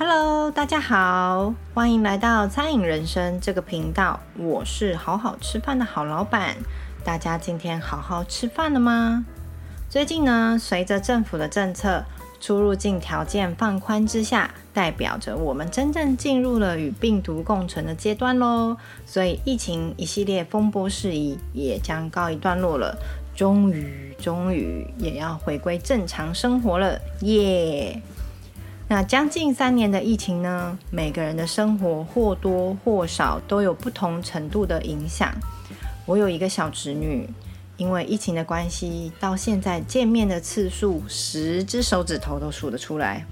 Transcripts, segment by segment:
Hello，大家好，歡迎來到餐飲人生這個頻道。我是好好吃飯的好老闆。大家今天好好吃飯了嗎？最近呢，隨着政府的政策出入境條件放寬之下，代表着我們真正進入了與病毒共存的階段嘍。所以疫情一系列風波事宜也將告一段落了，終於，終於也要回歸正常生活了，耶、yeah!！那將近三年的疫情呢，每個人的生活或多或少都有不同程度的影響。我有一個小侄女，因為疫情的關係，到現在見面的次數，十隻手指頭都數得出來。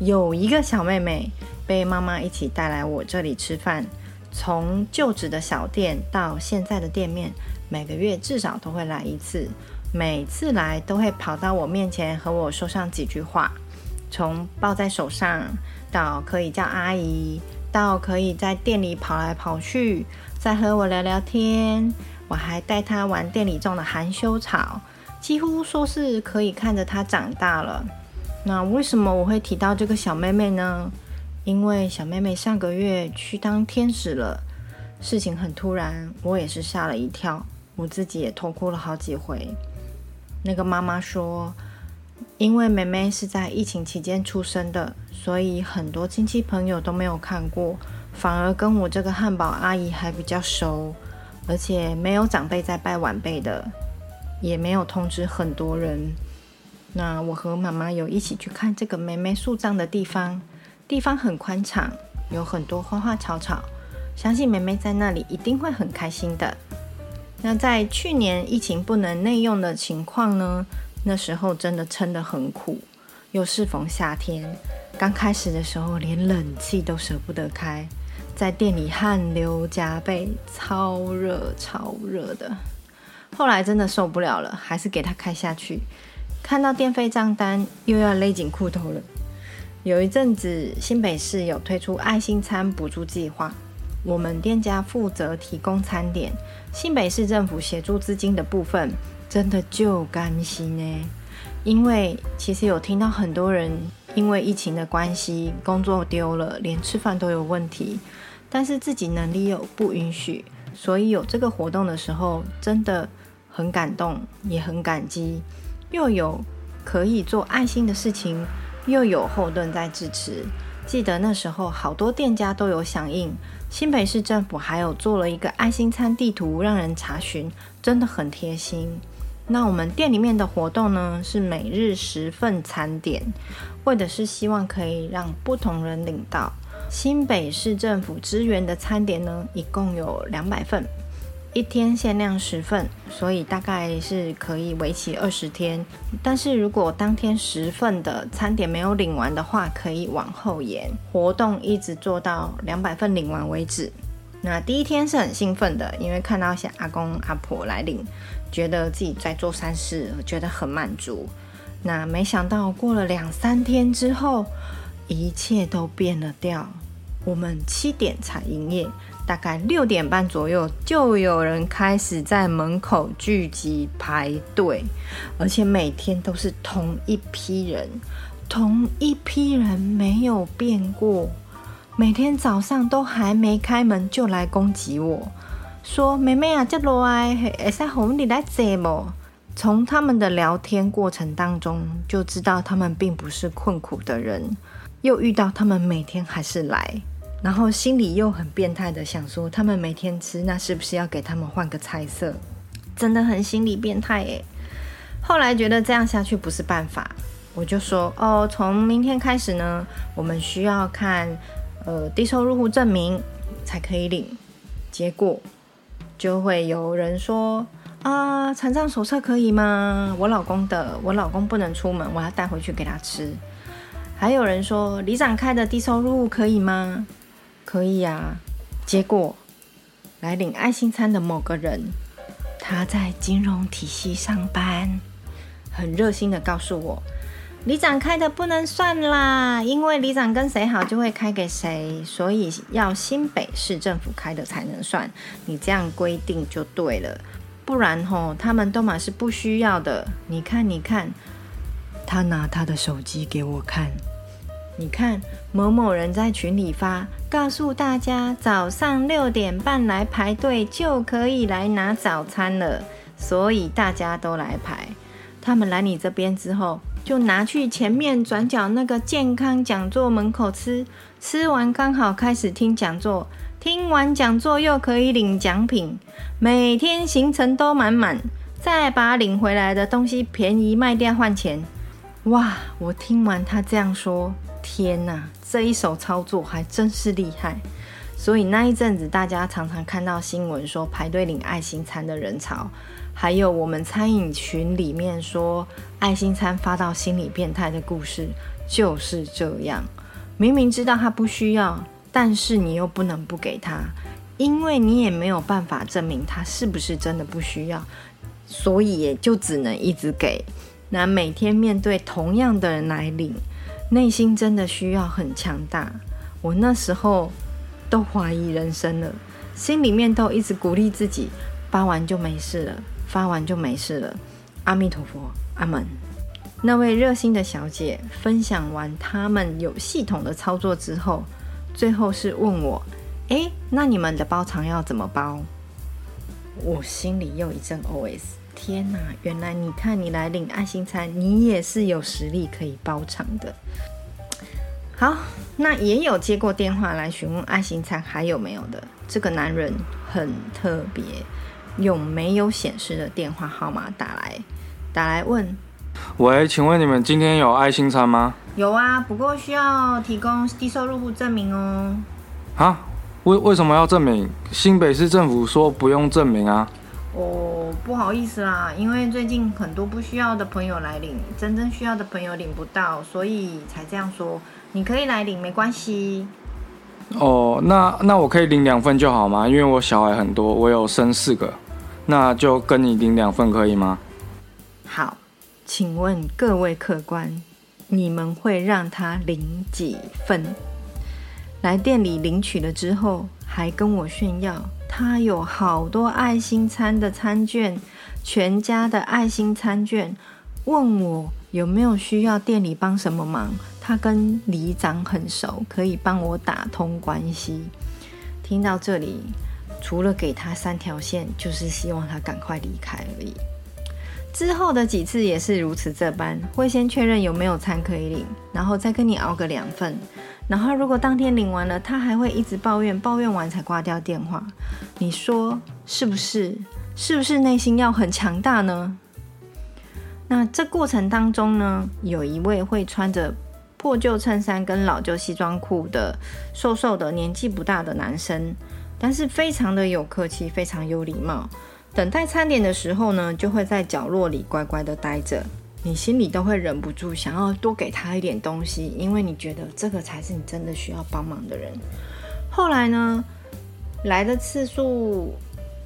有一個小妹妹，被媽媽一起帶來我這裡吃飯，從舊址的小店到現在的店面，每個月至少都會來一次，每次來都會跑到我面前和我說上幾句話。從抱在手上，到可以叫阿姨，到可以在店裡跑來跑去，再和我聊聊天，我還帶她玩店裡種的含羞草，幾乎說是可以看着她長大了。那為什麼我會提到這個小妹妹呢？因為小妹妹上個月去當天使了，事情很突然，我也是嚇了一跳，我自己也痛哭了好幾回。那個媽媽說。因為妹妹是在疫情期間出生的，所以很多親戚朋友都沒有看過，反而跟我這個漢堡阿姨還比較熟，而且沒有長輩在拜晚輩的，也沒有通知很多人。那我和媽媽有一起去看這個妹妹樹葬的地方，地方很寬敞，有很多花花草草，相信妹妹在那裡一定會很開心的。那在去年疫情不能內用的情況呢？那時候真的撐得很苦，又適逢夏天，剛開始的時候連冷氣都捨不得開，在店裡汗流浹背，超熱超熱的。後來真的受不了了，還是給它開下去。看到電費賬單，又要勒緊褲頭了。有一陣子新北市有推出愛心餐補助計劃，我們店家負責提供餐點，新北市政府協助資金的部分。真的就甘心呢，因為其實有聽到很多人因為疫情的關係，工作丟了，連吃飯都有問題，但是自己能力又不允許，所以有這個活動的時候真的很感動，也很感激，又有可以做愛心的事情，又有後盾在支持。記得那時候好多店家都有響應，新北市政府還有做了一個愛心餐地圖，讓人查詢，真的很貼心。那我們店裡面的活動呢，是每日十份餐點，為的是希望可以讓不同人領到。新北市政府支援的餐點呢，一共有兩百份，一天限量十份，所以大概是可以為期二十天。但是如果當天十份的餐點沒有領完的話，可以往後延。活動一直做到兩百份領完為止。那第一天是很興奮的，因為看到一些阿公阿婆來領，覺得自己在做善事，覺得很滿足。那沒想到過了兩三天之後，一切都變了調。我們七點才營業，大概六點半左右就有人開始在門口聚集排隊，而且每天都是同一批人，同一批人沒有變過。每天早上都還沒開門就來攻擊我，說妹妹啊，這路、啊、會使紅的來坐麼？從他們的聊天過程當中就知道他們並不是困苦的人，又遇到他們每天還是來，然後心裡又很變態的想說，他們每天吃那是不是要給他們換個菜色？真的很心理變態哎。後來覺得這樣下去不是辦法，我就說哦，從明天開始呢，我們需要看。呃，低收入戶證明才可以領。結果就會有人說：“啊，殘障手冊可以嗎？我老公的，我老公不能出門，我要帶回去給他吃。”還有人說：“里長開的低收入戶可以嗎？”可以啊。結果來領愛心餐的某個人，他在金融體系上班，很熱心的告訴我。里長開的不能算啦，因為里長跟誰好就會開給誰，所以要新北市政府開的才能算。你這樣規定就對了，不然、哦、他們都嘛是不需要的。你看，你看，他拿他的手機給我看，你看某某人在群裡發，告訴大家早上六點半來排隊就可以來拿早餐了，所以大家都來排。他們來你這邊之後。就拿去前面轉角那個健康講座門口吃，吃完剛好開始聽講座，聽完講座又可以領獎品，每天行程都滿滿，再把領回來的東西便宜賣掉換錢，哇！我聽完他這樣說，天哪，這一手操作還真是厲害。所以那一陣子，大家常常看到新聞說排隊領愛心餐的人潮。還有我們餐飲群裡面說愛心餐發到心理變態的故事就是這樣，明明知道他不需要，但是你又不能不給他，因為你也沒有辦法證明他是不是真的不需要，所以也就只能一直給。那每天面對同樣的人來領，內心真的需要很強大。我那時候都懷疑人生了，心裡面都一直鼓勵自己，發完就沒事了。發完就沒事了，阿彌陀佛，阿門。那位熱心的小姐分享完他們有系統的操作之後，最後是問我：“誒，那你們的包場要怎麼包？”我心裡又一陣 OS：天哪，原來你看你來領愛心餐，你也是有實力可以包場的。好，那也有接過電話來詢問愛心餐還有沒有的，這個男人很特別。有沒有顯示的電話號碼打來，打來問？喂，請問你們今天有愛心餐嗎？有啊，不過需要提供低收入戶證明哦。啊，為為什麼要證明？新北市政府說不用證明啊。哦，不好意思啦，因為最近很多不需要的朋友來領，真正需要的朋友領不到，所以才這樣說。你可以來領，沒關係。哦，那那我可以領兩份就好嗎？因為我小孩很多，我有生四個。那就跟你領兩份可以嗎？好，請問各位客官，你們會讓他領幾份？來店裡領取了之後，還跟我炫耀他有好多愛心餐的餐券，全家的愛心餐券。問我有沒有需要店裡幫什麼忙，他跟里長很熟，可以幫我打通關係。聽到這裡。除了給他三條線，就是希望他趕快離開而已。之後的幾次也是如此這般，會先確認有沒有餐可以領，然後再跟你熬個兩份。然後如果當天領完了，他還會一直抱怨，抱怨完才掛掉電話。你說是不是？是不是內心要很強大呢？那這過程當中呢，有一位會穿着破舊襯衫跟老舊西裝褲的瘦瘦的年紀不大的男生，但是非常的有客氣，非常有禮貌。等待餐點的時候呢，就會在角落裡乖乖的待着。你心裡都會忍不住想要多給他一點東西，因為你覺得這個才是你真的需要幫忙的人。後來呢，來的次數。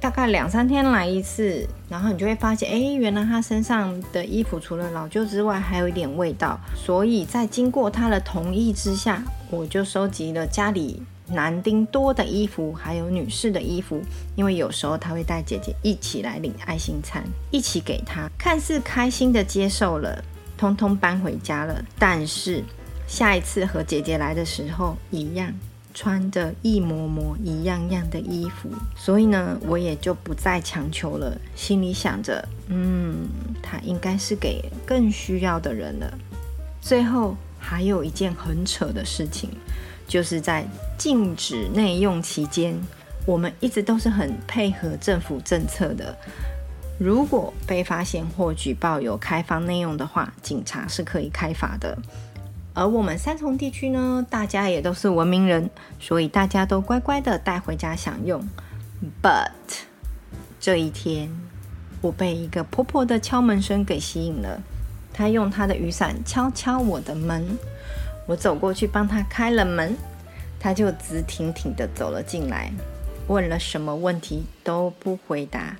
大概兩三天來一次，然後你就會發現，哎，原來他身上的衣服除了老舊之外，還有一點味道。所以在經過他的同意之下，我就收集了家裡男丁多的衣服，還有女士的衣服，因為有時候他會帶姐姐一起來領愛心餐，一起給他。看似開心地接受了，通通搬回家了。但是下一次和姐姐來的時候一樣。穿着一模模一樣樣的衣服，所以呢，我也就不再強求了。心裡想着，嗯，他應該是給更需要的人了。最後還有一件很扯的事情，就是在禁止內用期間，我們一直都是很配合政府政策的。如果被發現或舉報有開放內用的話，警察是可以開罰的。而我們三重地區呢，大家也都是文明人，所以大家都乖乖的帶回家享用。But 這一天，我被一個婆婆的敲門聲給吸引了。她用她的雨傘敲敲敲我的門，我走過去幫她開了門，她就直挺挺的走了進來，問了什麼問題都不回答。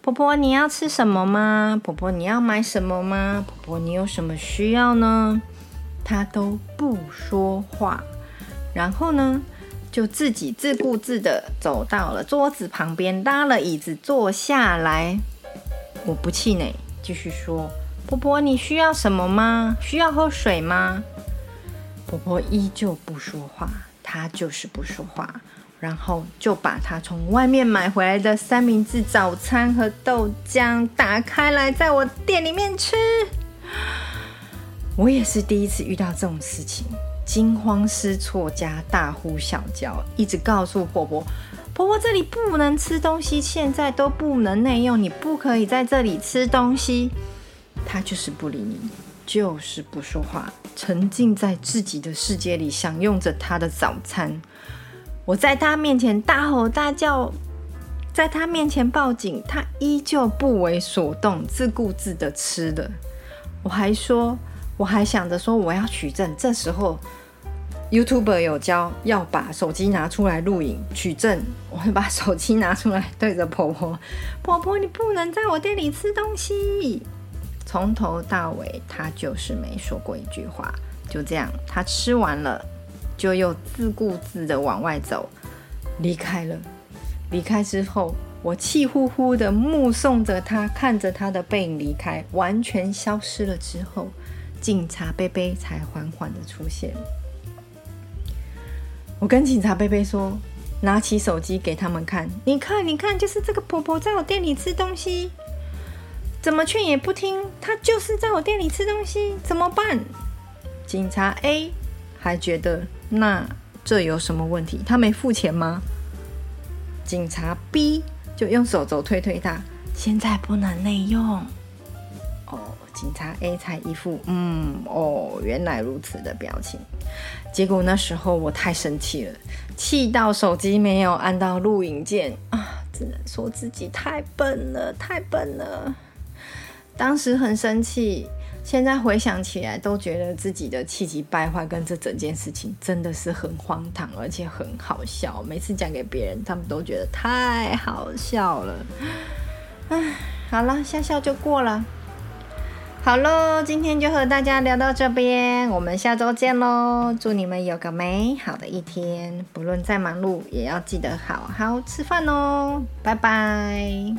婆婆，你要吃什麼嗎？婆婆，你要買什麼嗎？婆婆，你有什麼需要呢？他都不說話，然後呢，就自己自顧自的走到了桌子旁邊，拉了椅子坐下來。我不氣餒，繼續說：“婆婆，你需要什麼嗎？需要喝水嗎？”婆婆依舊不說話，她就是不說話。然後就把他從外面買回來的三明治、早餐和豆漿打開來，在我店裡面吃。我也是第一次遇到這種事情，驚慌失措加大呼小叫，一直告訴婆婆：“婆婆，這裡不能吃東西，現在都不能內用，你不可以在這裡吃東西。”她就是不理你，就是不說話，沉浸在自己的世界裡，享用着她的早餐。我在她面前大吼大叫，在她面前報警，她依舊不為所動，自顧自的吃了。我還說。我還想着說我要取證，這時候 YouTuber 有教要把手機拿出來錄影取證，我會把手機拿出來對着婆婆：“婆婆，你不能在我店裡吃東西。”從頭到尾她就是沒說過一句話，就這樣，她吃完了就又自顧自的往外走，離開了。離開之後，我氣呼呼的目送着她，看着她的背影離開，完全消失了之後。警察杯杯才緩緩的出現。我跟警察杯杯說：“拿起手機給他們看，你看，你看，就是這個婆婆在我店裡吃東西，怎麼勸也不聽，她就是在我店裡吃東西，怎麼辦？”警察 A 還覺得那這有什麼問題？她沒付錢嗎？警察 B 就用手肘推推他：“現在不能內用。”警察 A 才一副“嗯，哦，原來如此”的表情。結果那時候我太生氣了，氣到手機沒有按到錄影鍵啊！只能說自己太笨了，太笨了。當時很生氣，現在回想起來都覺得自己的氣急敗壞跟這整件事情真的是很荒唐，而且很好笑。每次講給別人，他們都覺得太好笑了。唉，好了，笑笑就過了。好嘍，今天就和大家聊到這邊，我們下週見嘍！祝你們有個美好的一天，不論再忙碌，也要記得好好吃飯哦，拜拜。